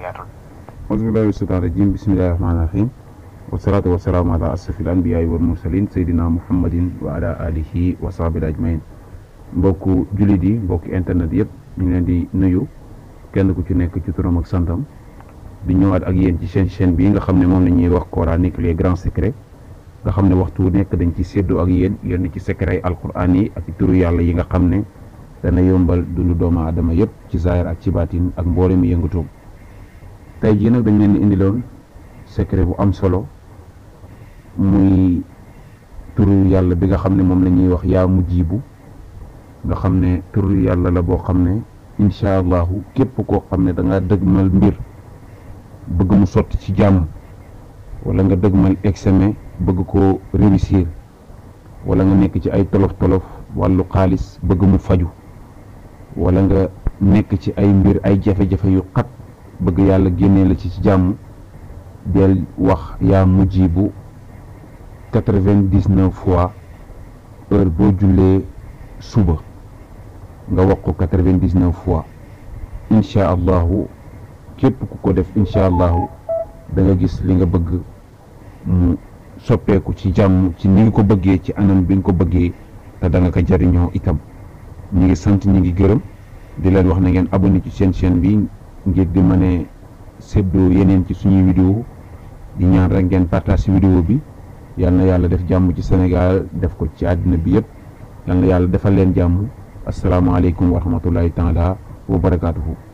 yaatul aousubillahi wa shaytaan rajim bismillahi rahmaani rahim wasalaatu wasalaamu ala asrafil anbiyaay wal mursalin seydina muhammadin wa ala alihi wa sahbihi ajmain mbokku jullit yi mbokk internet yëpp ñu ngi leen di nuyu kenn ku ci nekk ci turam ak santam di ñëwaat ak yéen ci chaîne chaîne bi nga xam ne moom la ñuy wax coranique les grands secrets nga xam ne waxtu nekk dañ ci séddoo ak yéen yenn ci secret alquran yi ak turu yàlla yi nga xam ne dana yombal dundu doomu aadama yëpp ci zaahir ak ci baatin ak mboolem yëngatoom tey jii nag dañ leen di indiloon secret bu am solo muy turu yàlla bi nga xam ne moom la ñuy wax yaa mu mujjibu nga xam ne turu yàlla la boo xam ne incha allahu képp koo xam ne danga ngaa dëgmal mbir bëgg mu sotti ci jàmm wala nga dëgmal examen bëgg koo réussir wala nga nekk ci ay tolof tolof wàllu xaalis bëgg mu faju wala nga nekk ci ay mbir ay jafe-jafe yu xat. bëgg yàlla génnee la ci ci jàmm del wax yaa mujjibu quatre-vingt-dix-neuf fois heure boo jullee suba nga wax ko quatre fois incha allahu képp ku ko def incha allahu da nga gis li nga bëgg mu soppeeku ci jàmm ci ni nga ko bëggee ci anam bi nga ko bëggee te da ko jariñoo itam ñi ngi sant ñi ngi gërëm di leen wax na ngeen abonné ci seen chaîne bi ngir di ma ne séddoo yeneen ci suñuy vidéo di ñaan rek ngeen partage si vidéo bi yal na yàlla def jàmm ci Sénégal def ko ci àddina bi yëpp yal yàlla defal leen jàmm asalaamaaleykum wa rahmatullahi taala wa barakaatuhu